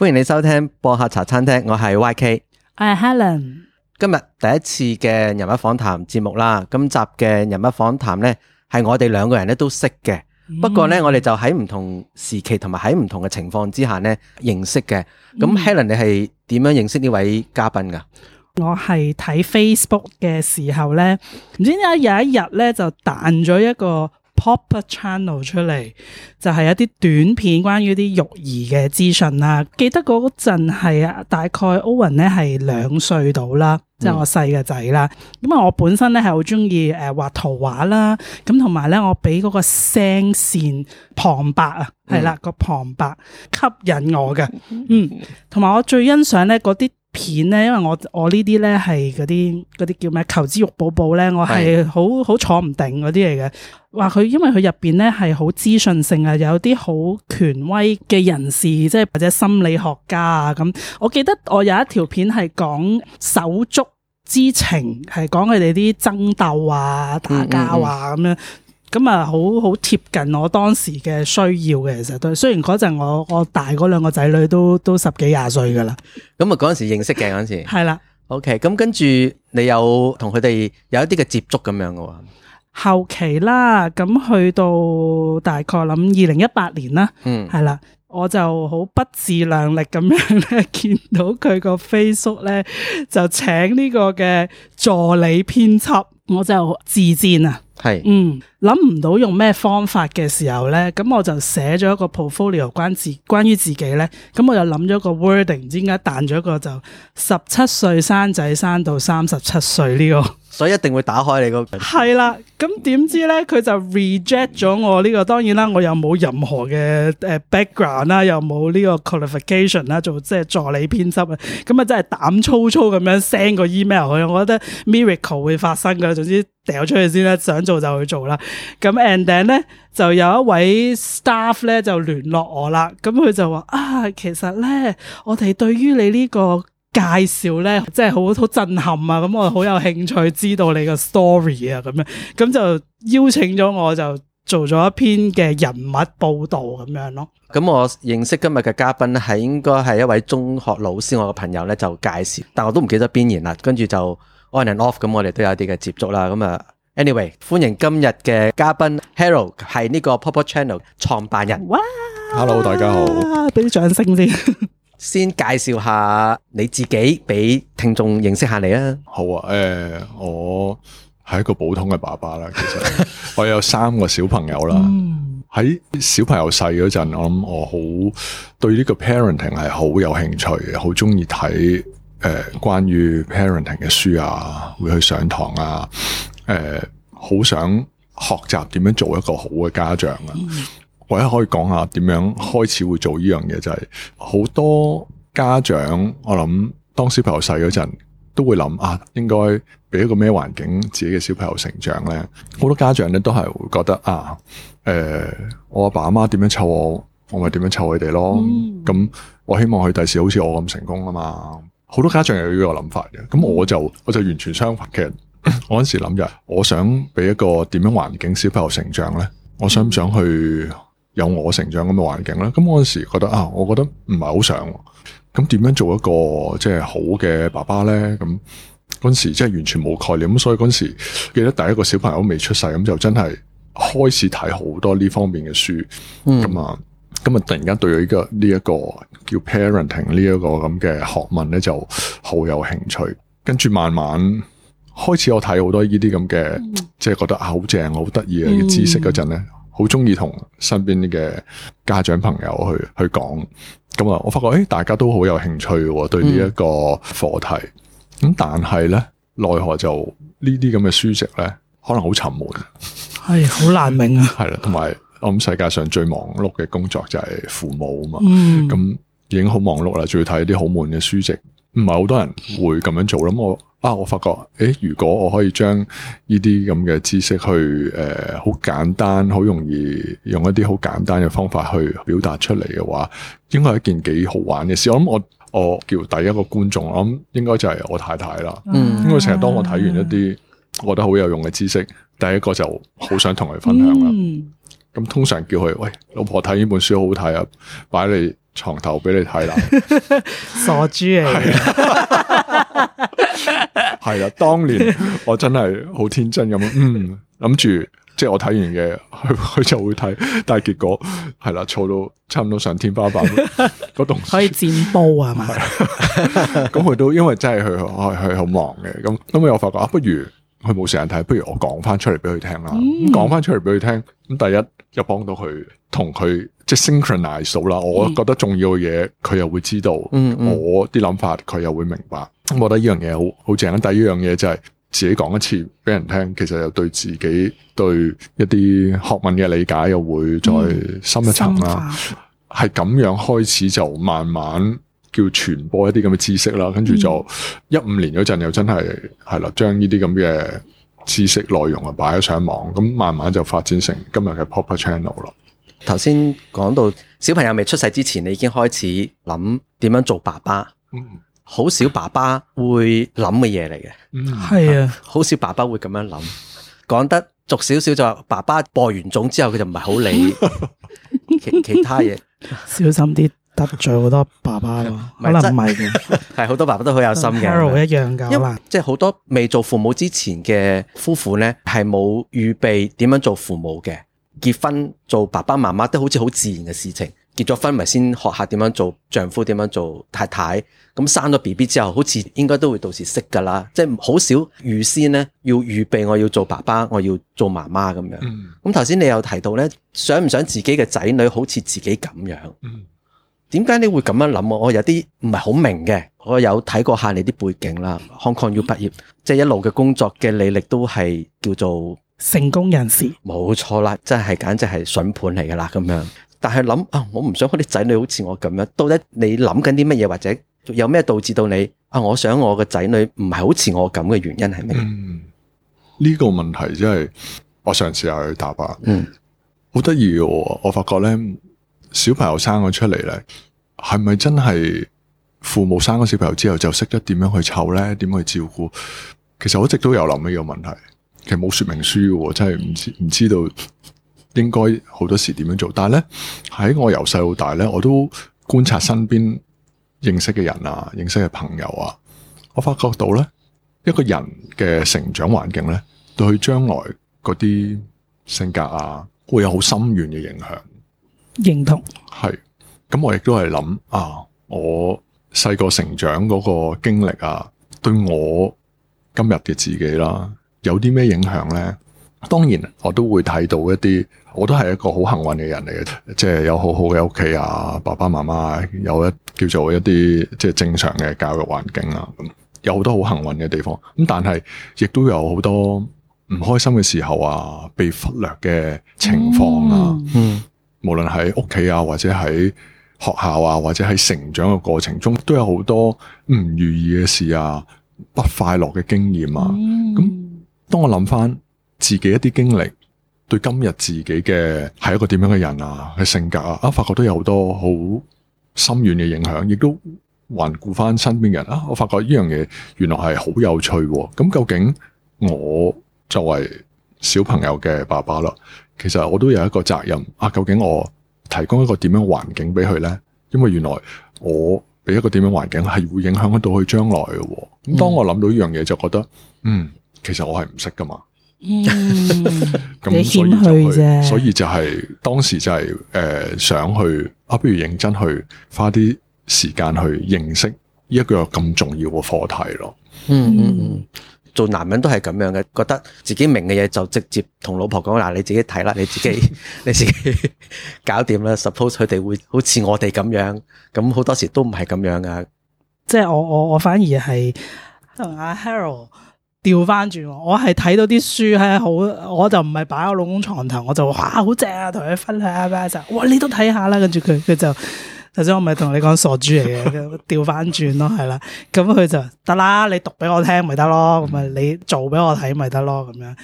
歡迎你收聽播客茶餐廳，我係 Y K，我係 Helen。今日第一次嘅人物訪談節目啦，今集嘅人物訪談呢，係我哋兩個人咧都識嘅，嗯、不過呢，我哋就喺唔同時期，同埋喺唔同嘅情況之下咧認識嘅。咁、嗯、Helen 你係點樣認識呢位嘉賓噶？我係睇 Facebook 嘅時候呢，唔知點解有一日呢，就彈咗一個。POPA Channel 出嚟，就係、是、一啲短片，關於啲育兒嘅資訊啦。記得嗰陣係啊，大概 Owen 咧係兩歲到啦，即、就、係、是、我細嘅仔啦。咁啊，我本身咧係好中意誒畫圖畫啦，咁同埋咧我俾嗰個聲線旁白啊，係啦、個旁白吸引我嘅。嗯，同埋我最欣賞咧嗰啲。片咧，因為我我呢啲咧係嗰啲啲叫咩？求知欲勃勃咧，我係好好坐唔定嗰啲嚟嘅。話佢因為佢入邊咧係好資訊性啊，有啲好權威嘅人士，即係或者心理學家啊咁。我記得我有一條片係講手足之情，係講佢哋啲爭鬥啊、打交啊咁樣。嗯嗯嗯咁啊，好好貼近我當時嘅需要嘅，其實都雖然嗰陣我我大嗰兩個仔女都都十幾廿歲噶啦。咁啊，嗰陣時認識嘅嗰陣時，係啦 的。OK，咁跟住你有同佢哋有一啲嘅接觸咁樣嘅喎。 後期啦，咁去到大概諗二零一八年啦，嗯，係啦，我就好不自量力咁樣咧，見到佢個 Facebook 咧就請呢個嘅助理編輯，我就自薦啊！係，是嗯，諗唔到用咩方法嘅時候咧，咁我就寫咗一個 portfolio 關自關於自己咧，咁我就諗咗個 wording，唔知點解彈咗一個就十七歲生仔生到三十七歲呢個？ 所以一定會打開你嗰個。係啦，咁點知咧佢就 reject 咗我呢個。當然啦，我又冇任何嘅誒 background 啦，又冇呢個 qualification 啦，做即係助理編輯啊。咁啊，真係膽粗粗咁樣 send 個 email 佢。我覺得 miracle 會發生噶。總之掉出去先啦，想做就去做啦。咁 and then 咧就有一位 staff 咧就聯絡我啦。咁佢就話啊，其實咧我哋對於你呢個。介紹呢，即係好好震撼啊！咁我好有興趣知道你個 story 啊，咁樣，咁就邀請咗我就做咗一篇嘅人物報道咁樣咯。咁我認識今日嘅嘉賓咧，係應該係一位中學老師，我嘅朋友呢就介紹，但我都唔記得邊言啦。跟住就 on and off，咁我哋都有啲嘅接觸啦。咁啊，anyway，歡迎今日嘅嘉賓 Harold，係呢個 POPA Channel 創辦人。哇 Hello，大家好，俾啲掌聲先。 先介紹下你自己俾聽眾認識下你啊！好啊，誒、呃，我係一個普通嘅爸爸啦。其實我有三個小朋友啦。喺 小朋友細嗰陣，我諗我好對呢個 parenting 係好有興趣嘅，好中意睇誒關於 parenting 嘅書啊，會去上堂啊，誒、呃，好想學習點樣做一個好嘅家長啊！或者可以講下點樣開始會做呢樣嘢，就係、是、好多家長我諗，當小朋友細嗰陣都會諗啊，應該俾一個咩環境自己嘅小朋友成長咧？好多家長咧都係會覺得啊，誒、呃、我阿爸阿媽點樣湊我，我咪點樣湊佢哋咯。咁、嗯、我希望佢第時好似我咁成功啊嘛，好多家長有呢個諗法嘅。咁我就我就完全相反，其實我嗰時諗就係我想俾一個點樣環境小朋友成長咧，我想唔想去？嗯有我成長咁嘅環境咧，咁我嗰陣時覺得啊，我覺得唔係好想，咁點樣做一個即係好嘅爸爸咧？咁嗰陣時即係完全冇概念，咁所以嗰陣時記得第一個小朋友未出世，咁就真係開始睇好多呢方面嘅書，咁啊、嗯，咁啊突然間對依、這個呢一、這個叫 parenting 呢一個咁嘅學問咧就好有興趣，跟住慢慢開始我睇好多呢啲咁嘅，嗯、即係覺得啊好正，好得意嘅知識嗰陣咧。嗯嗯好中意同身邊嘅家長朋友去去講，咁啊，我發覺誒、欸，大家都好有興趣喎，對呢一個課題。咁、嗯、但係呢，奈何就呢啲咁嘅書籍呢，可能好沉悶，係好難明啊。係啦， 同埋我諗世界上最忙碌嘅工作就係父母啊嘛，咁、嗯嗯嗯、已經好忙碌啦，仲要睇啲好悶嘅書籍，唔係好多人會咁樣做啦、嗯。我。啊！我發覺，誒，如果我可以將呢啲咁嘅知識去，誒、呃，好簡單、好容易，用一啲好簡單嘅方法去表達出嚟嘅話，應該係一件幾好玩嘅事。我諗我我叫第一個觀眾，我諗應該就係我太太啦。嗯，因為成日當我睇完一啲我覺得好有用嘅知識，第一個就好想同佢分享啦。咁、嗯嗯、通常叫佢，喂，老婆，睇呢本書好睇啊，擺你床頭俾你睇啦。 傻豬嚟嘅 係啦， 當年我真係好天真咁，嗯，諗住即係我睇完嘅，佢佢就會睇，但係結果係啦，嘈到差唔多上天花板嗰棟， 可以剪布啊嘛，咁佢都因為真係佢係好忙嘅，咁咁啊，我發覺啊，不如佢冇時間睇，不如我講翻出嚟俾佢聽啦，咁講翻出嚟俾佢聽，咁第一又幫到佢同佢。即係 synchronize 到啦，我覺得重要嘅嘢佢又會知道，嗯嗯，我啲諗法佢又會明白。我覺得呢樣嘢好好正。第一樣嘢就係、是、自己講一次俾人聽，其實又對自己對一啲學問嘅理解又會再深一層啦。係咁、嗯、樣開始就慢慢叫傳播一啲咁嘅知識啦，跟住就一五年嗰陣又真係係啦，將呢啲咁嘅知識內容啊擺咗上網，咁慢慢就發展成今日嘅 POPA Channel 啦。頭先講到小朋友未出世之前，你已經開始諗點樣做爸爸，好少爸爸會諗嘅嘢嚟嘅，係、嗯、啊，好少爸爸會咁樣諗。講得俗少少就爸爸播完種之後，佢就唔係好理其他嘢，小心啲得罪好多爸爸咯。 可能唔係嘅，係好多爸爸都好有心嘅。一樣噶為了，即係好多未做父母之前嘅夫婦呢，係冇預備點樣做父母嘅。結婚做爸爸媽媽都好似好自然嘅事情，結咗婚咪先學下點樣做丈夫，點樣做太太。咁生咗 B B 之後，好似應該都會到時識噶啦，即係好少預先咧要預備我要做爸爸，我要做媽媽咁樣。咁頭先你有提到咧，想唔想自己嘅仔女好似自己咁樣？點解你會咁樣諗？我有啲唔係好明嘅。我有睇過下你啲背景啦，Hong Kong U 畢業，即係、mm hmm. 一路嘅工作嘅履歷都係叫做。成功人士，冇錯啦，真係簡直係筍盤嚟噶啦咁樣。但係諗啊，我唔想我啲仔女好似我咁樣。到底你諗緊啲乜嘢，或者有咩導致到你啊？我想我嘅仔女唔係好似我咁嘅原因係咩？嗯，呢個問題真係我嘗試下去答啊。嗯，好得意喎我，我發覺呢，小朋友生咗出嚟呢，係咪真係父母生咗小朋友之後就識得點樣去湊呢？點去照顧？其實我一直都有諗呢個問題。其實冇說明書嘅，真係唔知唔知道應該好多時點樣做。但係咧，喺我由細到大咧，我都觀察身邊認識嘅人啊，認識嘅朋友啊，我發覺到咧，一個人嘅成長環境咧，對佢將來嗰啲性格啊，會有好深遠嘅影響。認同係咁，我亦都係諗啊，我細個成長嗰個經歷啊，對我今日嘅自己啦、啊。有啲咩影響呢？當然，我都會睇到一啲，我都係一個好幸運嘅人嚟嘅，即係有好好嘅屋企啊，爸爸媽媽，有一叫做一啲即係正常嘅教育環境啊，有好多好幸運嘅地方。咁但係亦都有好多唔開心嘅時候啊，被忽略嘅情況啊，嗯，無論喺屋企啊，或者喺學校啊，或者喺成長嘅過程中，都有好多唔如意嘅事啊，不快樂嘅經驗啊，咁。當我諗翻自己一啲經歷，對今日自己嘅係一個點樣嘅人啊，嘅性格啊，啊，發覺都有好多好深遠嘅影響，亦都環顧翻身邊人啊。我發覺呢樣嘢原來係好有趣。咁、啊、究竟我作為小朋友嘅爸爸啦，其實我都有一個責任啊。究竟我提供一個點樣環境俾佢呢？因為原來我俾一個點樣環境係會影響得到佢將來嘅。咁、啊、當我諗到呢樣嘢，就覺得嗯。嗯其實我係唔識噶嘛，咁所以就去，所以就係、是、當時就係、是、誒、呃、想去啊，不如認真去花啲時間去認識一個咁重要嘅課題咯。嗯嗯嗯，做男人都係咁樣嘅，覺得自己明嘅嘢，就直接同老婆講嗱，你自己睇啦，你自己你自己搞掂啦。 suppose 佢哋會好似我哋咁樣，咁好多時都唔係咁樣噶。即係我我我反而係同阿 Harold。調翻轉，我係睇到啲書係好，我就唔係擺喺我老公床頭，我就哇好正啊，同佢分享啊，咁啊就，哇你都睇下啦，跟住佢佢就，頭先我咪同你講傻豬嚟嘅，調翻轉咯，係啦，咁佢就得啦，你讀俾我聽咪得咯，咁咪你做俾我睇咪得咯，咁樣，咁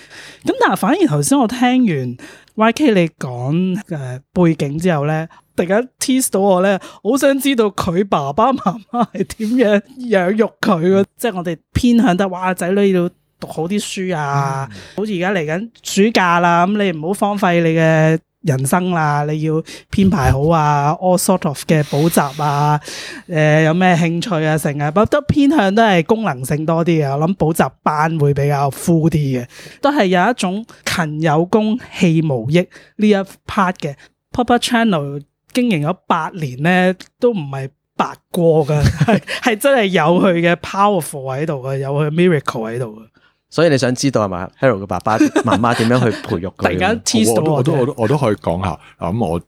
但係反而頭先我聽完 YK 你講誒背景之後咧。突然間 tease 到我咧，好想知道佢爸爸媽媽係點樣養育佢，即係我哋偏向得話仔女要讀好啲書啊，好似而家嚟緊暑假啦，咁你唔好荒廢你嘅人生啦，你要編排好啊 ，all sort of 嘅補習啊，誒、呃、有咩興趣啊，成啊，不得偏向都係功能性多啲啊。我諗補習班會比較 full 啲嘅，都係有一種勤有功，戲無益呢一 part 嘅。POPA Channel。經營咗八年咧，都唔係白過噶，係 真係有佢嘅 powerful 喺度嘅，有佢 miracle 喺度嘅， 所以你想知道係咪 Harold 嘅爸爸、媽媽點樣去培育？突然間 test 到我，都我都,我都,我,都,我,都我都可以講下。咁、嗯、我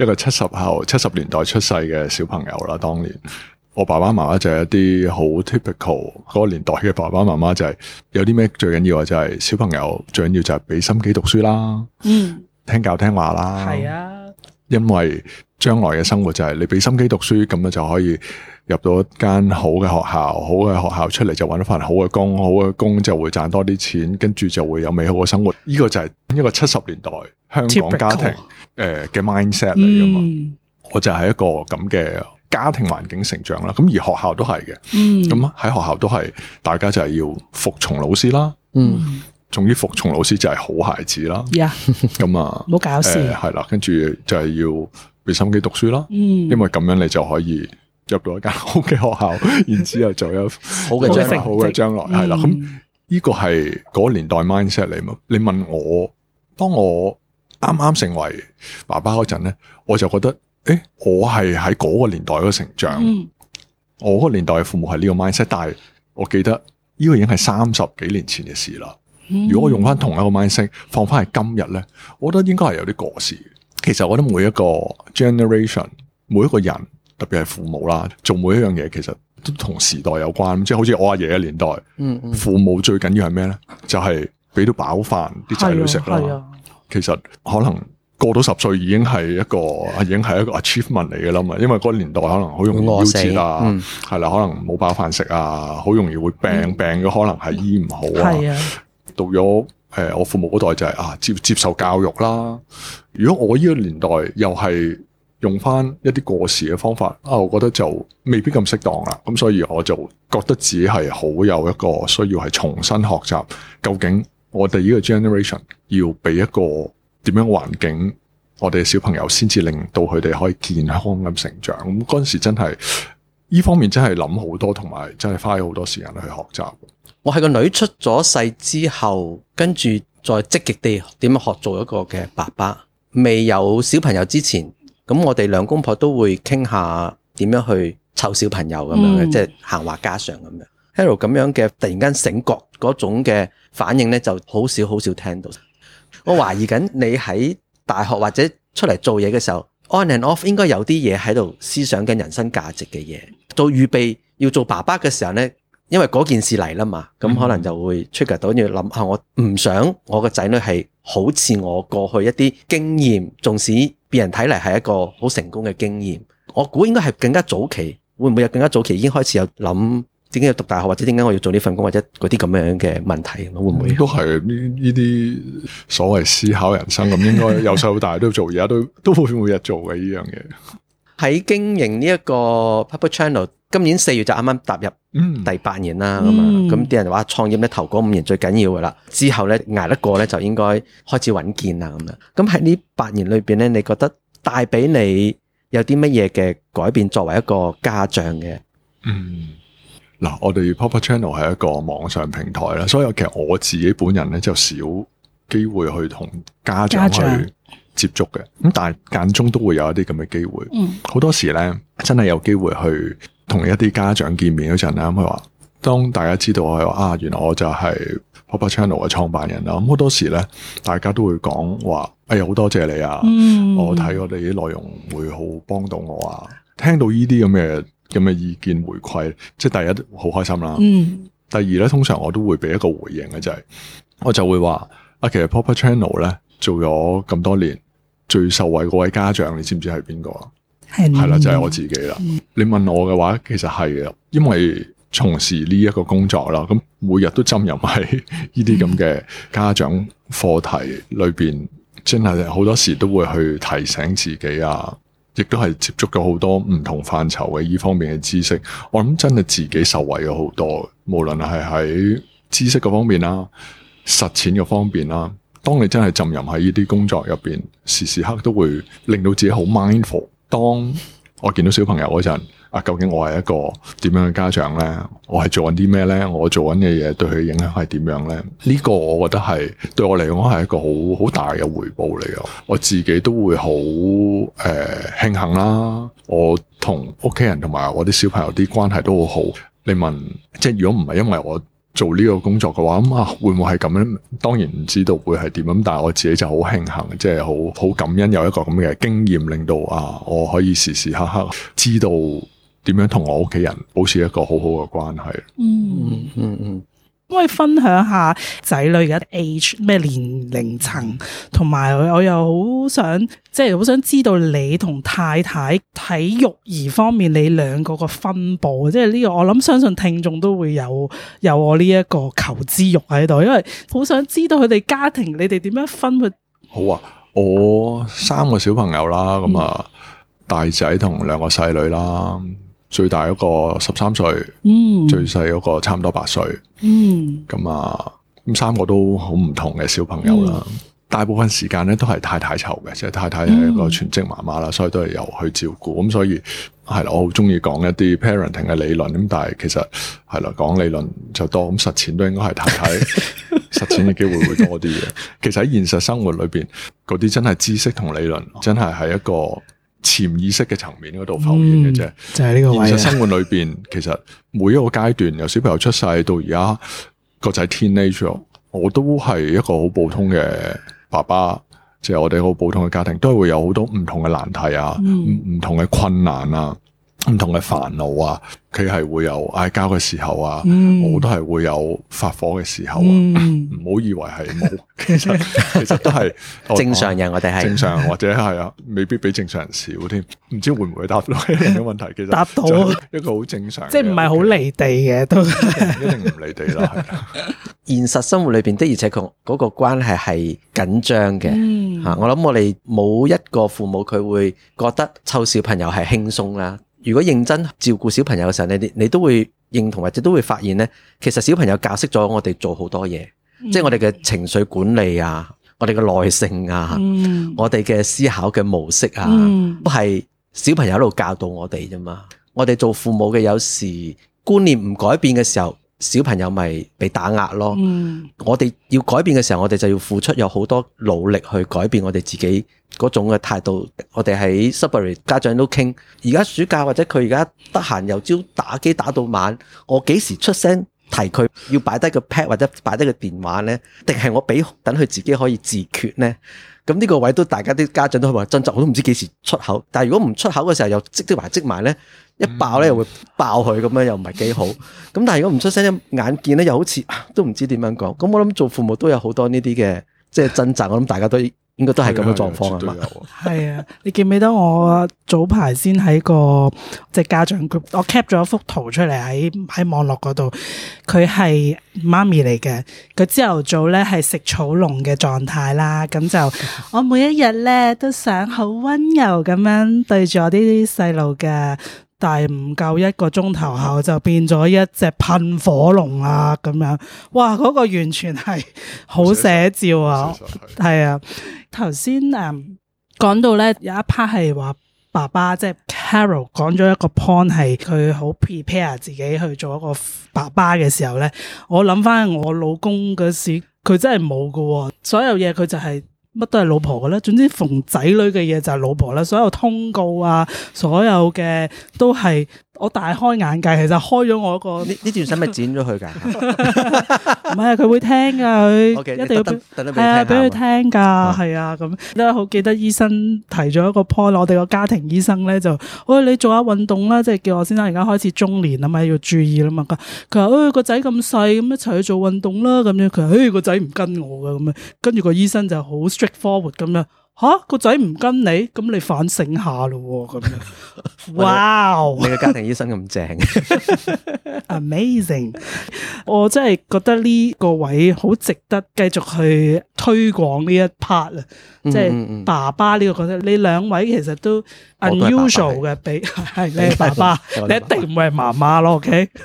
一個七十後、七十年代出世嘅小朋友啦，當年我爸爸媽媽就係一啲好 typical 嗰個年代嘅爸爸媽媽，就係有啲咩最緊要就係小朋友最緊要就係俾心機讀,讀書啦，嗯，聽教聽話啦，係、嗯、啊。因為將來嘅生活就係你俾心機讀書，咁、嗯、樣就可以入到一間好嘅學校，好嘅學校出嚟就揾翻好嘅工，好嘅工就會賺多啲錢，跟住就會有美好嘅生活。呢、這個就係一個七十年代香港家庭誒嘅 mindset 嚟噶嘛。我就係一個咁嘅家庭環境成長啦。咁而學校都係嘅，咁喺、嗯、學校都係大家就係要服從老師啦。嗯重於服從老師就係好孩子啦，咁 Yeah, 啊，冇 搞事， 係、欸、啦，跟住就係要俾心機讀書啦，嗯、因為咁樣你就可以入到一間好嘅學校， 然之後就有好嘅將來，好嘅將來，係、嗯、啦。咁依個係嗰個年代 mindset 嚟嘛？你問我，當我啱啱成為爸爸嗰陣咧，我就覺得，誒、欸，我係喺嗰個年代嘅成長，嗯、我嗰年代嘅父母係呢個 mindset，但係我記得呢個已經係三十幾年前嘅事啦。嗯、如果我用翻同一個 mindset 放翻喺今日咧，我覺得應該係有啲過時。其實我覺得，每一個 generation，每一個人，特別係父母啦，做每一樣嘢，其實都同時代有關。即係好似我阿爺嘅年代，嗯嗯、父母最緊要係咩咧？就係、是、俾到飽飯啲仔女食啦。啊啊、其實可能過到十歲已經係一個，已經係一個 achievement 嚟噶啦嘛。因為嗰個年代可能好容易餓死、嗯、啊，係啦，可能冇飽飯食啊，好容易會病病嘅，可能係醫唔好啊。嗯到咗誒，我父母嗰代就係、是、啊接接受教育啦。如果我呢個年代又係用返一啲過時嘅方法啊，我覺得就未必咁適當啦。咁、嗯、所以我就覺得自己係好有一個需要係重新學習，究竟我哋呢個 generation 要俾一個點樣環境，我哋嘅小朋友先至令到佢哋可以健康咁成長。咁嗰陣時真係～呢方面真係諗好多，同埋真係花咗好多時間去學習。我係個女出咗世之後，跟住再積極地點樣學做一個嘅爸爸。未有小朋友之前，咁我哋兩公婆都會傾下點樣去湊小朋友咁樣嘅，即係閒話家常咁樣。Hello，嗯，咁樣嘅突然間醒覺嗰種嘅反應呢，就好少好少聽到。我懷疑緊你喺大學或者出嚟做嘢嘅時候，on and off 應該有啲嘢喺度思想緊人生價值嘅嘢。做預備要做爸爸嘅時候呢，因為嗰件事嚟啦嘛，咁、嗯、可能就會 trigger 到要諗下，我唔想我個仔女係好似我過去一啲經驗，縱使別人睇嚟係一個好成功嘅經驗，我估應該係更加早期會唔會有更加早期已經開始有諗點解要讀大學，或者點解我要做呢份工，或者嗰啲咁樣嘅問題，會唔會都係呢啲所謂思考人生咁， 應該由細到大都要做，而家都都會，會每日做嘅呢樣嘢。喺經營呢一個 POPA Channel，今年四月就啱啱踏入第八年啦，咁咁啲人話創業咧頭嗰五年最緊要噶啦，之後咧捱得過咧就應該開始穩健啦，咁啊，咁喺呢八年裏邊咧，你覺得帶俾你有啲乜嘢嘅改變作為一個家長嘅？嗯，嗱，我哋 POPA Channel 係一個網上平台啦，所以其實我自己本人咧就少機會去同家長去。接觸嘅咁，但係間中都會有一啲咁嘅機會。好、嗯、多時咧，真係有機會去同一啲家長見面嗰陣啦。佢話：當大家知道我係啊，原來我就係 POPA Channel 嘅創辦人啦。咁好多時咧，大家都會講話：哎呀，好多謝你啊！嗯、我睇我哋啲內容會好幫到我啊！聽到呢啲咁嘅咁嘅意見回饋，即係第一好開心啦。嗯、第二咧，通常我都會俾一個回應嘅、就係，就係我就會話：啊，其實 POPA Channel 咧做咗咁多年。最受惠嗰位家長，你知唔知係邊個啊？係啦的，就係、是、我自己啦。的你問我嘅話，其實係嘅，因為從事呢一個工作啦，咁每日都浸淫喺呢啲咁嘅家長課題裏邊， 真係好多時都會去提醒自己啊，亦都係接觸咗好多唔同範疇嘅呢方面嘅知識。我諗真係自己受惠咗好多，無論係喺知識嘅方面啦、實踐嘅方面啦。當你真係浸淫喺呢啲工作入邊，時時刻都會令到自己好 mindful。當我見到小朋友嗰陣，啊，究竟我係一個點樣嘅家長呢？我係做緊啲咩呢？我做緊嘅嘢對佢影響係點樣呢？呢個我覺得係對我嚟講係一個好好大嘅回報嚟嘅。我自己都會好誒、呃、慶幸啦。我同屋企人同埋我啲小朋友啲關係都好好。你問，即係如果唔係因為我做呢個工作嘅話，咁啊會唔會係咁樣？當然唔知道會係點咁，但係我自己就好慶幸，即係好好感恩有一個咁嘅經驗，令到啊我可以時時刻刻知道點樣同我屋企人保持一個好好嘅關係。嗯。嗯嗯嗯嗯。咁你分享下仔女嘅 age，咩年齡層，同埋我又好想即係好想知道你同太太喺育兒方面，你兩個嘅分布，即係呢個我諗相信聽眾都會有有我呢一個求知欲喺度，因為好想知道佢哋家庭你哋點樣分布。好啊，我三個小朋友啦，咁啊、嗯、大仔同兩個細女啦。最大嗰個十三歲，嗯、最細嗰個差唔多八歲，咁、嗯、啊咁三個都好唔同嘅小朋友啦。嗯、大部分時間咧都係太太湊嘅，即係太太係一個全職媽媽啦，嗯、所以都係由佢照顧。咁所以係啦，我好中意講一啲 parenting 嘅理論。咁但係其實係啦，講理論就多，咁實踐都應該係太太實踐嘅機會會多啲嘅。 其實喺現實生活裏邊，嗰啲真係知識同理論，真係係一個。潛意識嘅層面嗰度浮現嘅啫、嗯，就係、是、呢個位。現實生活裏邊，其實每一個階段 由小朋友出世到而家，個仔 teenage 我都係一個好普通嘅爸爸，即、就、係、是、我哋好普通嘅家庭，都會有好多唔同嘅難題啊，唔唔、嗯、同嘅困難啊，唔同嘅煩惱啊，佢係會有嗌交嘅時候啊，我都係會有發火嘅時候啊，唔好以為係冇，其實其實都係正常人，我哋係正常或者係啊，未必比正常人少添，唔知會唔會答到呢個問題？其實答到一個好正常，即係唔係好離地嘅都一定唔離地啦。現實生活裏邊的而且確嗰個關係係緊張嘅，吓我諗我哋冇一個父母佢會覺得湊小朋友係輕鬆啦。如果認真照顧小朋友嘅時候，呢你，你都會認同或者都會發現咧，其實小朋友教識咗我哋做好多嘢，嗯、即係我哋嘅情緒管理啊，我哋嘅耐性啊，嗯、我哋嘅思考嘅模式啊，嗯、都係小朋友一路教導我哋啫嘛。我哋做父母嘅，有時觀念唔改變嘅時候，小朋友咪被打壓咯，嗯，我哋要改變嘅時候，我哋就要付出有好多努力去改變我哋自己嗰種嘅態度。我哋喺 Subway 家長都傾，而家暑假或者佢而家得閒由朝打機打到晚，我幾時出聲提佢要擺低個 pad 或者擺低個電話呢？定係我俾等佢自己可以自決呢？咁呢個位都大家都家長都話掙扎，我都唔知幾時出口。但係如果唔出口嘅時候又積積埋積埋呢。一爆咧又會爆佢咁樣又唔係幾好，咁 但係如果唔出聲，眼見咧又好似都唔知點樣講。咁我諗做父母都有好多呢啲嘅，即係掙扎。我諗大家都應該都係咁嘅狀況啊嘛，係啊，你記唔記得我早排先喺個即係、就是、家長 group, 我 cap 咗一幅圖出嚟喺喺網絡嗰度，佢係媽咪嚟嘅，佢朝頭早咧係食草籠嘅狀態啦。咁就我每一日咧都想好温柔咁樣對住我啲細路嘅。但係唔夠一個鐘頭後就變咗一隻噴火龍啊咁樣，哇！嗰個完全係好寫照啊，係啊。頭先誒講到咧有一 part 係話爸爸即係 Carol 講咗一個 point 係佢好 prepare 自己去做一個爸爸嘅時候咧，我諗翻我老公嗰時佢真係冇噶，所有嘢佢就係。乜都係老婆嘅咧，總之逢仔女嘅嘢就係老婆啦，所有通告啊，所有嘅都係。我大開眼界，其實開咗我一個。呢呢段使咪剪咗佢㗎？唔係啊，佢會聽㗎，佢 Okay, 一定要等，等，等，等啊，俾佢聽㗎，係、哦、啊，咁都好記得。醫生提咗一個 point，我哋個家庭醫生咧就，喂、哎，你做下運動啦，即係叫我先生而家開始中年啊嘛，要注意啦嘛。佢佢話，誒個仔咁細，咁一齊去做運動啦。咁樣佢話，誒個仔唔跟我㗎，咁樣跟住個醫生就好 straightforward 咁樣。吓，個仔唔跟你，咁你反省下咯。咁、wow! 哇！你個家庭醫生咁正，amazing！我真係覺得呢個位好值得繼續去推廣呢一 part 啊，即係、嗯嗯嗯、爸爸呢個角色。你兩位其實都 unusual 嘅，比係 你爸爸， 爸爸你一定唔會係媽媽咯。OK。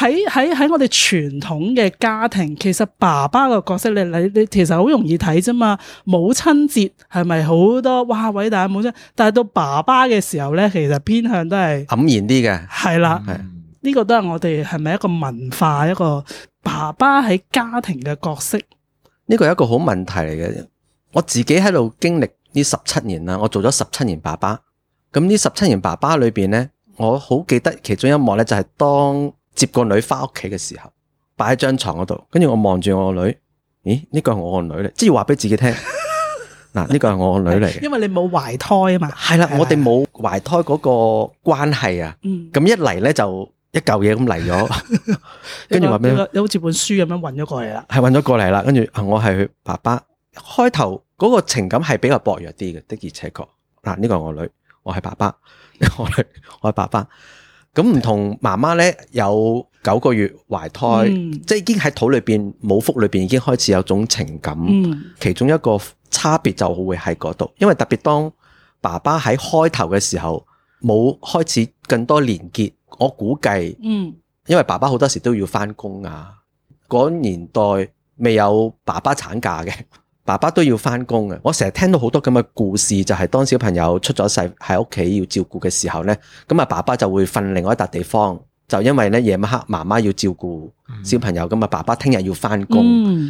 喺喺喺我哋傳統嘅家庭，其實爸爸嘅角色，你你你其實好容易睇啫嘛。母親節係咪好多哇偉大母親？但係到爸爸嘅時候咧，其實偏向都係黯然啲嘅。係啦，係、嗯、呢個都係我哋係咪一個文化一個爸爸喺家庭嘅角色？呢個係一個好問題嚟嘅。我自己喺度經歷呢十七年啦，我做咗十七年爸爸。咁呢十七年爸爸裏邊咧，我好記得其中一幕咧，就係當，接個女翻屋企嘅時候，擺喺張床嗰度，跟住我望住我個女，咦？呢個係我個女嚟，即係話俾自己聽。嗱， 呢個係我個女嚟。因為你冇懷胎啊嘛。係啦的，的我哋冇懷胎嗰個關係啊。咁、嗯、一嚟咧就一嚿嘢咁嚟咗，跟住話俾我，你好似本書咁樣運咗過嚟啦。係運咗過嚟啦，跟住我係佢爸爸。開頭嗰個情感係比較薄弱啲嘅，的而且確。嗱，呢個係我女，我係爸爸，我女，我係爸爸。咁唔同媽媽咧，有九個月懷胎，嗯、即係已經喺肚裏邊，母腹裏邊已經開始有種情感。嗯、其中一個差別就會喺嗰度，因為特別當爸爸喺開頭嘅時候冇開始更多連結，我估計，因為爸爸好多時都要翻工啊，嗰年代未有爸爸產假嘅。 爸爸都要翻工嘅，我成日聽到好多咁嘅故事，就係、是、當小朋友出咗世喺屋企要照顧嘅時候呢，咁啊爸爸就會瞓另外一笪地方，就因為呢夜晚黑媽媽要照顧小朋友，咁啊、嗯、爸爸聽日要翻工，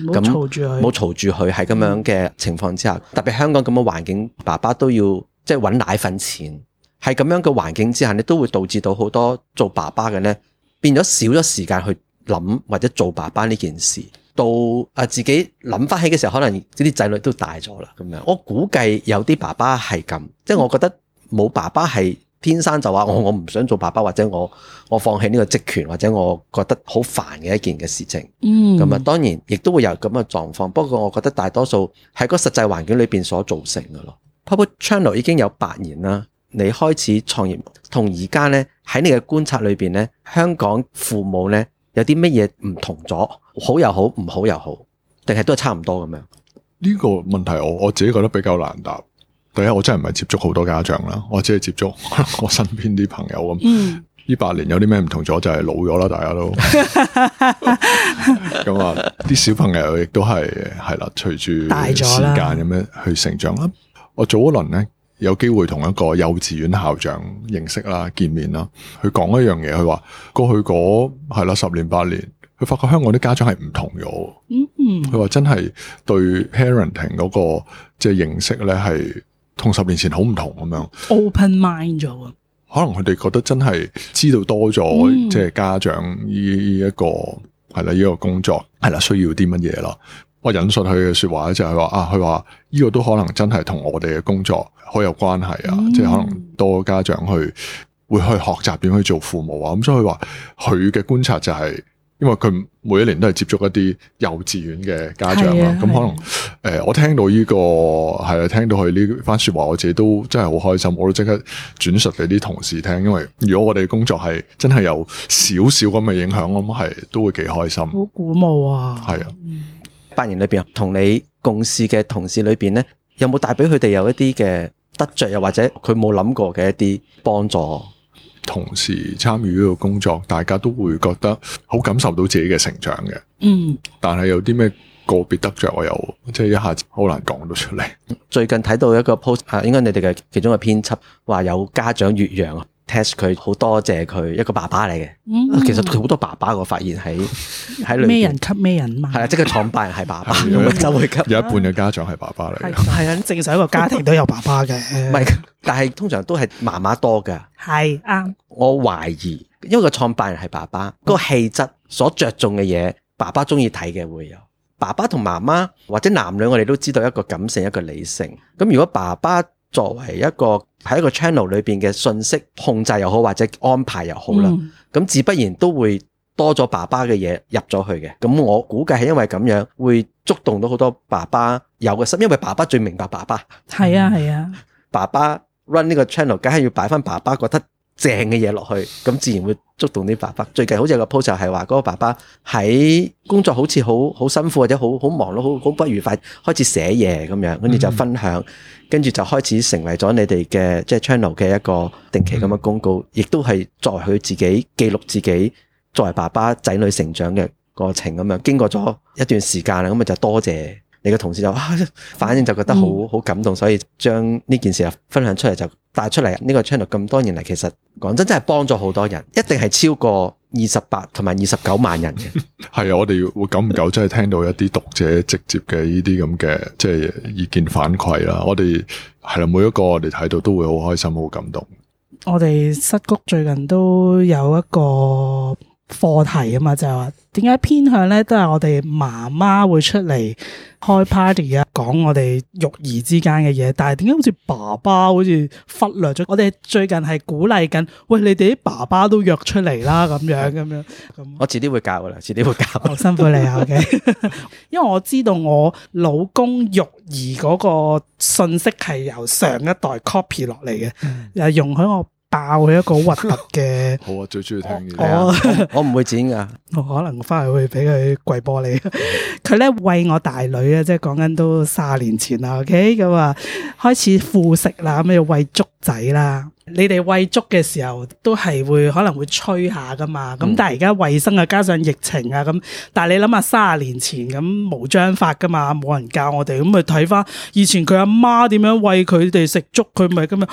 咁冇嘈住佢，喺嘈住咁樣嘅情況之下，嗯、特別香港咁嘅環境，爸爸都要即係揾奶粉錢，喺咁樣嘅環境之下，呢都會導致到好多做爸爸嘅呢變咗少咗時間去諗或者做爸爸呢件事。到啊自己諗翻起嘅時候，可能呢啲仔女都大咗啦。咁樣，我估計有啲爸爸係咁，即係我覺得冇爸爸係天生就話我我唔想做爸爸，或者我我放棄呢個職權，或者我覺得好煩嘅一件嘅事情。嗯，咁啊，當然亦都會有咁嘅狀況。不過我覺得大多數喺個實際環境裏邊所造成嘅咯。嗯、POPA Channel 已經有八年啦，你開始創業同而家呢喺你嘅觀察裏邊呢，香港父母呢。有啲乜嘢唔同咗，好又好，唔好又好，定係都係差唔多咁樣？呢個問題我我自己覺得比較難答。第一，我真係唔係接觸好多家長啦，我只係接觸 我身邊啲朋友咁。呢八、嗯、年有啲咩唔同咗，就係老咗啦，大家都咁啊！啲 小朋友亦都係係啦，隨住大咗啦時間咁樣去成長啦。了我早一輪咧。有機會同一個幼稚園校長認識啦、見面啦，佢講一樣嘢，佢話過去嗰係啦十年八年，佢發覺香港啲家長係唔同咗。嗯嗯、mm，佢、hmm. 話真係對 parenting 嗰、那個即係、就是、認識咧，係同十年前好唔同咁樣。Open mind 咗可能佢哋覺得真係知道多咗，即係、mm hmm. 家長呢、這、一個係啦，呢、這個工作係啦，需要啲乜嘢咯？我引述佢嘅説話咧，就係話啊，佢話呢個都可能真係同我哋嘅工作，好有關係啊！即係可能多個家長去會去學習點去做父母啊！咁、嗯、所以佢話佢嘅觀察就係、是，因為佢每一年都係接觸一啲幼稚園嘅家長啦、啊。咁、啊啊嗯、可能誒、呃，我聽到呢、這個係啊，聽到佢呢番說話，我自己都真係好開心，我都即刻轉述俾啲同事聽。因為如果我哋工作係真係有少少咁嘅影響，咁係都會幾開心。好鼓舞啊！係啊，八年裏邊同你共事嘅同事裏邊呢，有冇帶俾佢哋有一啲嘅？得着又或者佢冇諗過嘅一啲幫助，同時參與呢個工作，大家都會覺得好感受到自己嘅成長嘅。嗯，但係有啲咩個別得着，我又即係、就是、一下子好難講到出嚟。最近睇到一個 post，應該你哋嘅其中嘅編輯話有家長越洋啊。test 佢好多謝佢一個爸爸嚟嘅，嗯、其實佢好多爸爸我發現喺喺咩人吸咩人嘛，係啊，即係創辦人係爸爸就會吸有一半嘅家長係爸爸嚟，係啊，正常一個家庭都有爸爸嘅，唔係， 但係通常都係媽媽多嘅，係啱 我懷疑因為個創辦人係爸爸， 個氣質所着重嘅嘢， 爸爸中意睇嘅會有。爸爸同媽媽或者男女，我哋都知道一個感性一個理性。咁如果爸爸作為一個。喺一個 channel 裏邊嘅信息控制又好，或者安排又好啦，咁、嗯、自不然都會多咗爸爸嘅嘢入咗去嘅。咁我估計係因為咁樣會觸動到好多爸爸有嘅心，因為爸爸最明白爸爸。係啊，係啊，啊爸爸 run 呢個 channel，梗係要擺翻爸爸覺得。正嘅嘢落去，咁自然會觸動啲爸爸。最近好似有個 post，就係話，嗰、嗰個爸爸喺工作好似好好辛苦或者好好忙咯，好好不愉快開始寫嘢咁樣，跟住就分享，跟住、嗯嗯、就開始成為咗你哋嘅即係、就是、channel 嘅一個定期咁嘅公告，亦都係作為佢自己記錄自己作為爸爸仔女成長嘅過程咁樣，經過咗一段時間啦，咁啊就多謝,謝。你個同事就啊，反應就覺得好好感動，所以將呢件事分享出嚟就帶出嚟。呢、這個 channel 咁多年嚟，其實講真真係幫咗好多人，一定係超過二十八同埋二十九萬人嘅。係啊， 我哋會久唔久真係聽到一啲讀者直接嘅呢啲咁嘅即係意見反饋啦。我哋係啦，每一個我哋睇到都會好開心、好感動。 我哋失谷最近都有一個。課題啊嘛，就係話點解偏向咧，都係我哋媽媽會出嚟開 party 啊，講我哋育兒之間嘅嘢。但係點解好似爸爸好似忽略咗？我哋最近係鼓勵緊，喂你哋啲爸爸都約出嚟啦，咁樣咁樣咁。樣 樣我遲啲會教噶啦，遲啲會教。 我辛苦你啊，OK。 因為我知道我老公育兒嗰個信息係由上一代 copy 落嚟嘅，又、嗯、容許我。爆佢一個好核突嘅。 好啊！最中意聽嘅，我我唔會剪噶，我可能我翻去會俾佢跪玻璃。佢咧，喂，我大女啊，即係講緊都卅年前啦。OK，咁、嗯、啊開始副食啦，咁咪要餵粥仔啦。你哋喂粥嘅時候都係會可能會吹下噶嘛，咁但係而家衛生啊，加上疫情啊，咁但係你諗下卅年前咁無章法噶嘛，冇人教我哋，咁咪睇翻以前佢阿媽點樣喂佢哋食粥，佢咪咁樣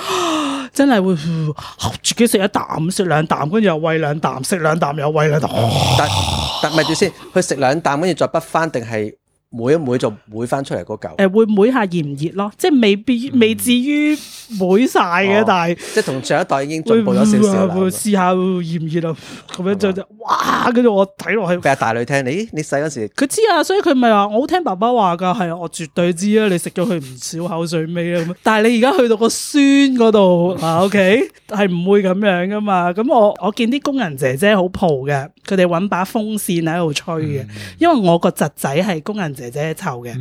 真係會、呃、自己食一啖食兩啖，跟住又喂兩啖食兩啖又喂兩啖，但咪住先，佢食兩啖跟住再不翻定係？每一每就每翻出嚟嗰嚿，誒，會每下熱唔熱咯，即係未必未至於每晒嘅，但係即係同上一代已經進步咗少少啦。試下熱唔熱啊？咁樣就就哇！跟住我睇落去，俾阿大女聽你，你你細嗰時佢知啊，所以佢咪話我好聽爸爸話噶，係我絕對知啦，你食咗佢唔少口水味啦。但係你而家去到個酸嗰度嗱，OK 係唔會咁樣噶嘛？咁我我見啲工人姐姐好蒲嘅，佢哋搵把風扇喺度吹嘅，嗯、因為我個侄仔係工人姐姐湊嘅，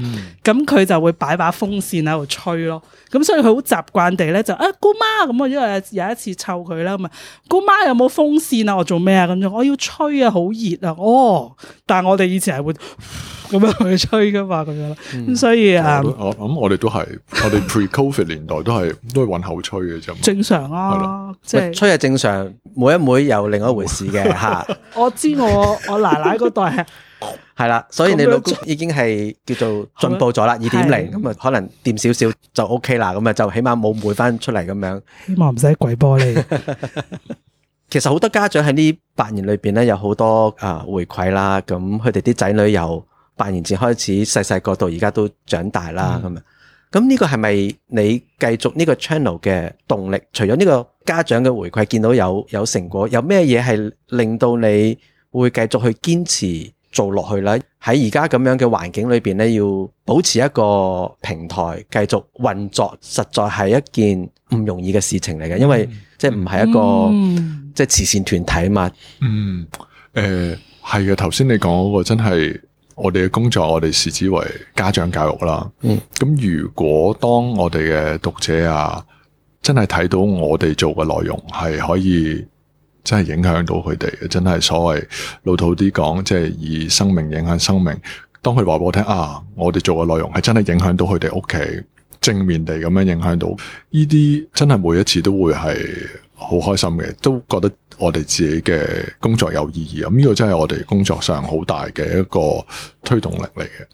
咁佢就會擺把風扇喺度吹咯，咁所以佢好習慣地咧就啊姑媽，咁我因為有一次湊佢啦，咁啊姑媽，有冇風扇啊？我做咩啊？咁樣我要吹啊，好熱啊！哦，但係我哋以前係會咁樣去吹噶嘛，咁樣，咁所以啊，我諗我哋都係我哋 pre-COVID 年代都係都係用口吹嘅啫，正常啊，即係吹係正常，每一每有另一回事嘅吓。我知我我奶奶嗰代。係啦，所以你老公已經係叫做進步咗啦，二點零咁啊，0, 的可能掂少少就 OK 啦，咁啊就起碼冇回翻出嚟咁樣，希望唔使跪玻璃。 其實好多家長喺呢八年裏邊咧，有好多啊回饋啦，咁佢哋啲仔女由八年前開始細細個到而家都長大啦，咁啊，咁呢個係咪你繼續呢個 channel 嘅動力？ 除咗呢個家長嘅回饋，見到有有成果，有咩嘢係令到你會繼續去堅持？做落去啦！喺而家咁樣嘅環境裏邊咧，要保持一個平台繼續運作，實在係一件唔容易嘅事情嚟嘅。因為即係唔係一個即係慈善團體嘛。嗯，誒係嘅。頭先你講嗰個真係我哋嘅工作，我哋視之為家長教育啦。嗯，咁如果當我哋嘅讀者啊，真係睇到我哋做嘅內容係可以。真係影響到佢哋，真係所謂老土啲講，即係以生命影響生命。當佢話俾我聽啊，我哋做嘅內容係真係影響到佢哋屋企，正面地咁樣影響到。呢啲真係每一次都會係好開心嘅，都覺得我哋自己嘅工作有意義啊！呢、嗯呢個真係我哋工作上好大嘅一個推動力嚟嘅。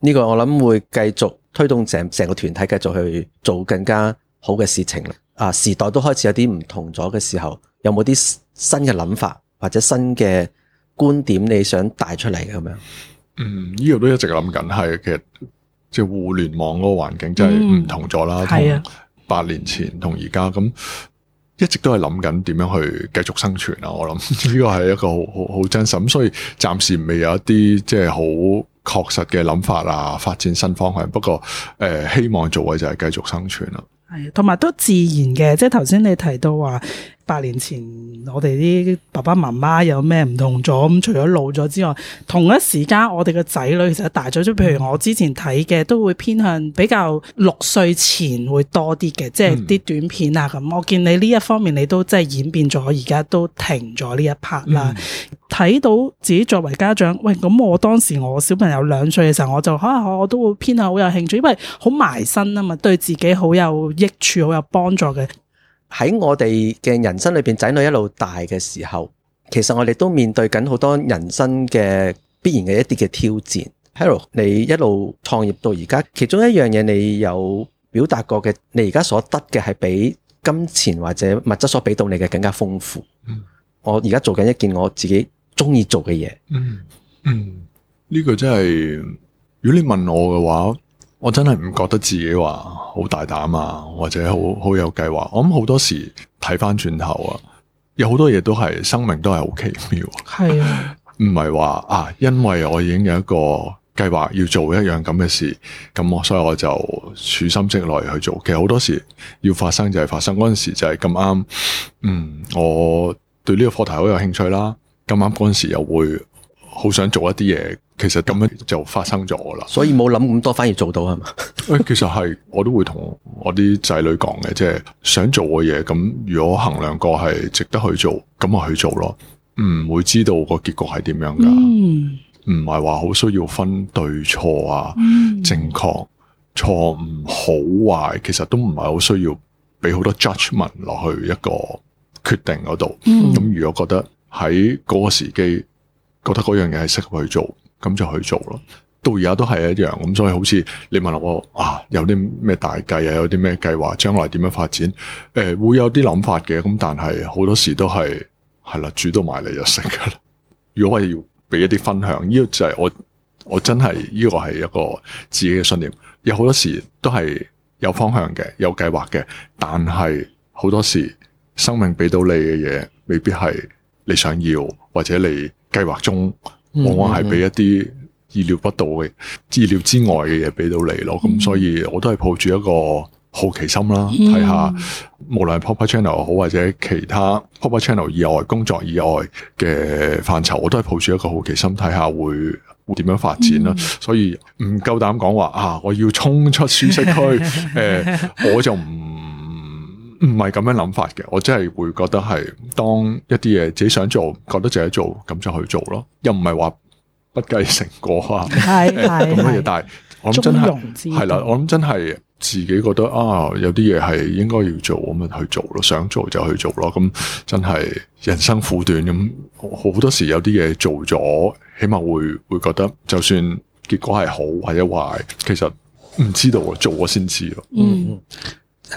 呢個我諗會繼續推動成成個團體繼續去做更加好嘅事情。啊！時代都開始有啲唔同咗嘅時候，有冇啲新嘅諗法或者新嘅觀點？你想帶出嚟咁樣？嗯，呢個都一直諗緊，係其實即係互聯網嗰個環境真係唔同咗啦，嗯，同八年前同而家咁一直都係諗緊點樣去繼續生存啊！我諗呢個係一個好好好真實咁，所以暫時未有一啲即係好確實嘅諗法啊，發展新方向。不過誒、呃，希望做嘅就係繼續生存啦。係，同埋都自然嘅，即係頭先你提到話，八年前我哋啲爸爸媽媽有咩唔同咗？咁除咗老咗之外，同一時間我哋嘅仔女其實大咗，即譬、嗯、如我之前睇嘅都會偏向比較六歲前會多啲嘅，即係啲短片啊咁。嗯、我見你呢一方面你都即係演變咗，而家都停咗呢一 part 啦。睇、嗯、到自己作為家長，喂，咁我當時我小朋友兩歲嘅時候，我就可能我都會偏向好有興趣，因為好埋身啊嘛，對自己好有益處、好有幫助嘅。喺我哋嘅人生裏邊，仔女一路大嘅時候，其實我哋都面對緊好多人生嘅必然嘅一啲嘅挑戰。Hello，你一路創業到而家，其中一樣嘢你有表達過嘅，你而家所得嘅係比金錢或者物質所俾到你嘅更加豐富。嗯，我而家做緊一件我自己中意做嘅嘢，嗯。嗯嗯，呢，這個真係，如果你問我嘅話。我真係唔覺得自己話好大膽啊，或者好好有計劃。我諗好多時睇翻轉頭啊，有好多嘢都係生命都係好奇妙啊。係。唔係話啊，因為我已經有一個計劃要做一樣咁嘅事，咁我所以我就處心積慮去做。其實好多時要發生就係發生，嗰陣時就係咁啱。嗯，我對呢個課題好有興趣啦。咁啱嗰陣時又會。好想做一啲嘢，其實咁樣就發生咗啦。所以冇諗咁多，反而做到係嘛？ 其實係，我都會同我啲仔女講嘅，即係想做嘅嘢。咁如果衡量過係值得去做，咁咪去做咯。唔會知道個結果係點樣噶。嗯，唔係話好需要分對錯啊，嗯、正確、錯誤、好壞，其實都唔係好需要俾好多 judgement 落去一個決定度。咁、嗯、如果覺得喺個時機。覺得嗰樣嘢，係適合去做，咁就去做咯。到而家都係一樣，咁所以好似你問我啊，有啲咩大計啊，有啲咩計劃，將來點樣發展？誒、呃，會有啲諗法嘅，咁但係好多時都係，係啦，煮到埋嚟就食噶啦。 如果我要俾一啲分享，呢、呢個就係我我真係呢個係一個自己嘅信念。有好多時都係有方向嘅，有計劃嘅，但係好多時生命俾到你嘅嘢，未必係你想要或者你。計劃中，往往係俾一啲意料不到嘅，意料、mm hmm. 之外嘅嘢俾到你咯。咁、mm hmm. 所以，我都係抱住一個好奇心啦，睇下、mm hmm. 無論係 POPA Channel 又好或者其他 POPA Channel 以外工作以外嘅範疇，我都係抱住一個好奇心睇下會會點樣發展啦。Mm hmm. 所以唔夠膽講話啊，我要衝出舒適區誒我就唔。唔係咁樣諗法嘅，我真係會覺得係當一啲嘢，自己想做，覺得自己做，咁就去做咯。又唔係話不計成果啊，係係。 咁嘅嘢，但係我諗真係係啦，我諗真係自己覺得啊，有啲嘢係應該要做咁啊去做咯，想做就去做咯。咁真係人生苦短，咁好多時有啲嘢做咗，起碼會會覺得，就算結果係好或者壞，其實唔知道做過，先知咯。嗯。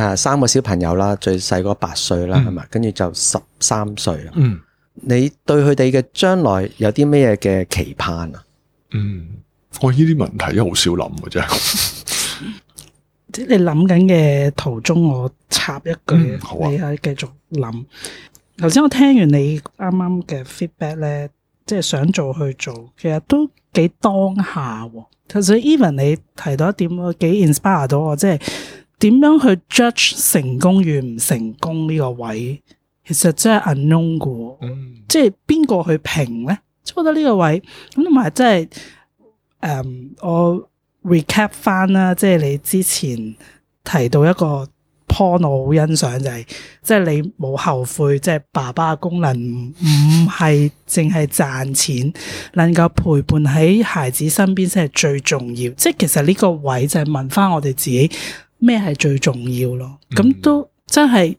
啊，三個小朋友啦，最細嗰八歲啦，係咪？跟住就十三歲。嗯，嗯，你對佢哋嘅將來有啲咩嘅期盼啊？嗯，我呢啲問題都好少諗嘅啫。即係你諗緊嘅途中，我插一句，嗯，好啊，你係繼續諗。頭先我聽完你啱啱嘅 feedback 咧，即係想做去做，其實都幾當下。頭先 Even 你提到一點，我幾 inspire 到我，即係。點樣去 judge 成功與唔成功呢個位，其實真係 unknown 嘅，嗯、即係邊個去評咧？覺得呢個位咁同埋，即係誒，我 recap 翻啦，即係你之前提到一個 point 我好欣賞就係，即係你冇後悔，即係爸爸嘅功能唔係淨係賺錢， 能夠陪伴喺孩子身邊先係最重要。即係其實呢個位就係問翻我哋自己。咩係最重要咯？咁都真係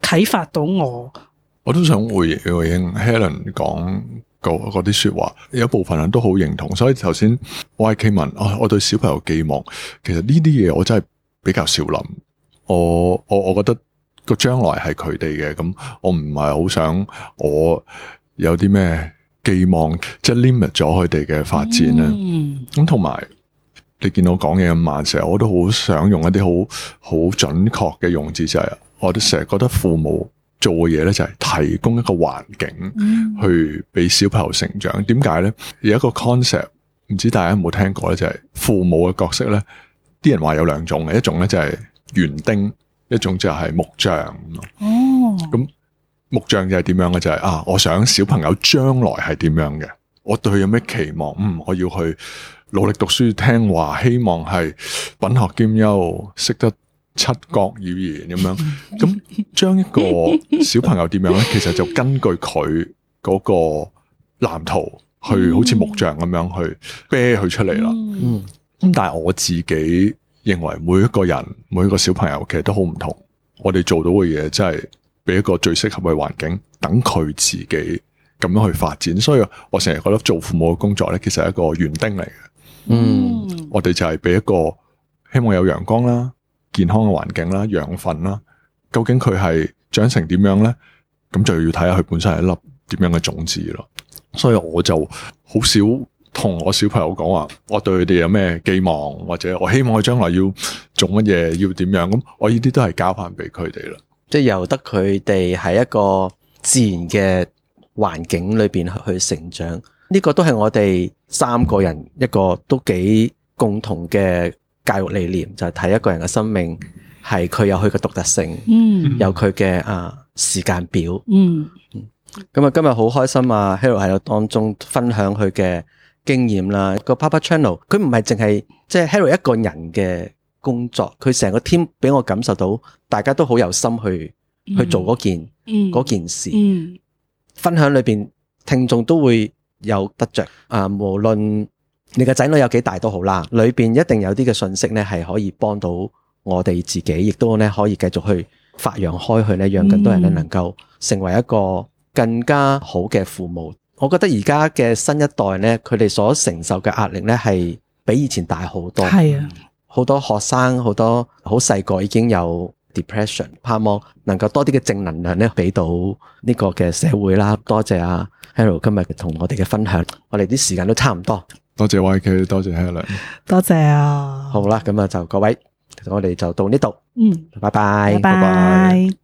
啟發到我、嗯。我都想回應 Helen 講嗰啲說話，有部分人都好認同。所以頭先我 YK 問，我、哦、我對小朋友寄望，其實呢啲嘢我真係比較少諗。我我我覺得個將來係佢哋嘅，咁我唔係好想我有啲咩寄望，即係 limit 咗佢哋嘅發展咧。咁同埋。你見到我講嘢咁慢，成日我都好想用一啲好好準確嘅用字，就係我都成日覺得父母做嘅嘢咧，就係提供一個環境去俾小朋友成長。點解呢？有一個 concept，唔知大家有冇聽過呢？就係父母嘅角色呢，啲人話有兩種嘅，一種呢就係園丁，一種就係木匠。哦、嗯，咁木匠就係點樣咧？就係啊，我想小朋友將來係點樣嘅，我對佢有咩期望？嗯，我要去。努力讀書、聽話，希望係品學兼優，識得七國語言咁樣。咁將一個小朋友點樣咧？其實就根據佢嗰個藍圖去，好似木匠咁樣去啤佢出嚟啦。咁、嗯嗯嗯、但係我自己認為，每一個人每一個小朋友其實都好唔同。我哋做到嘅嘢，真係俾一個最適合嘅環境，等佢自己咁樣去發展。所以我成日覺得做父母嘅工作咧，其實係一個園丁嚟嘅。嗯， 我哋就係俾一個希望有陽光啦、健康嘅環境啦、養分啦，究竟佢係長成點樣咧？咁就要睇下佢本身係一粒點樣嘅種子咯。所以我就好少同我小朋友講話，我對佢哋有咩寄望，或者我希望佢將來要做乜嘢，要點樣？咁我呢啲都係交翻俾佢哋啦，即係由得佢哋喺一個自然嘅環境裏邊去成長。呢個都係我哋三個人一個都幾共同嘅教育理念，就係、是、睇一個人嘅生命係佢有佢嘅獨特性，嗯、有佢嘅啊時間表。咁、嗯嗯、啊，今日好開心啊，Harold 喺當中分享佢嘅經驗啦，這個 POPA Channel，佢唔係淨係即係 Harold 一個人嘅工作，佢成個 team 俾我感受到，大家都好有心去去做嗰件嗰、嗯嗯、件事，嗯嗯嗯、分享裏邊聽眾都會有得着啊！無論你嘅仔女有幾大都好啦，裏邊一定有啲嘅信息咧，係可以幫到我哋自己，亦都咧可以繼續去發揚開去咧，讓更多人咧能夠成為一個更加好嘅父母。嗯、我覺得而家嘅新一代咧，佢哋所承受嘅壓力咧，係比以前大好多。係啊，好多學生好多好細個已經有 depression，盼望能夠多啲嘅正能量咧，俾到呢個嘅社會啦。多謝啊！hello，今日同我哋嘅分享，我哋啲時間都差唔多，多謝 YK，多謝 Harold，多謝啊，好啦，咁啊就各位，我哋就到呢度，嗯，拜拜，拜拜。